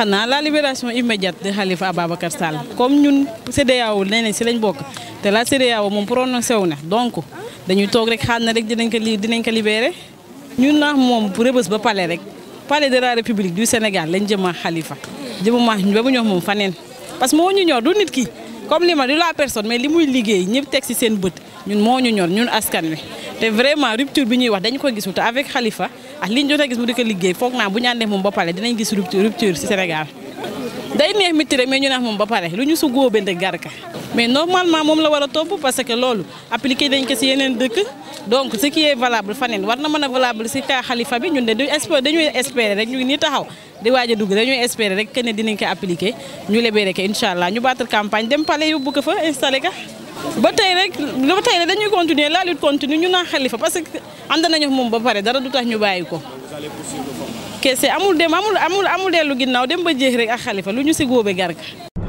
xanaa la libération immédiate de Khalifa Ababacar Sall comme ñun CEDEAO nee si lañ bokk te la CEDEAO moom prononcé wu na donc dañuy toog rek xaar na rek dinañ ko li dinañ ko libéré ñun naax moom rëbës ba palais rek palais de la république du Sénégal lañ jëmaa Khalifa jëmumaax ba mu ñox moom faneen parce que moo ñu ñor du nit ki. comme li ma du la personne mais li muy liggéey ñëpp teg ci seen bët ñun moo ñu ñor ñun askan wi te vraiment rupture bi ñuy wax dañu ko gisul te avec Khalifa ak li ñu jot a gis mu di ko liggéey foog naa bu ñu àndee moom ba pare dinañ gis rupture rupture ci day neex mi tiré mais ñu naan moom ba pare lu ñu su góobee ndeg garka mais normalement moom la war a topp parce que loolu appliqué dañ ko si yeneen dëkk donc ce qui est valable faneen war na mën a valable si cas xalifa bi ñun de du espérer dañuy espérer rek ñu ngi nii taxaw di waaja dugg dañuy espérer rek que dinañ ko appliqué ñu libéré ko incha allah ñu battre campagne dem palais yóbbu ko fa installé ka ba tey rek ba tey rek dañuy continuer la lutte continue ñu naan xalifa parce que ànd nañu moom ba pare dara du tax ñu bàyyi ko. allez kese amul dem amul amul amul dellu ginnaaw dem ba jeex rek ak xalifa lu ñu si góobee garga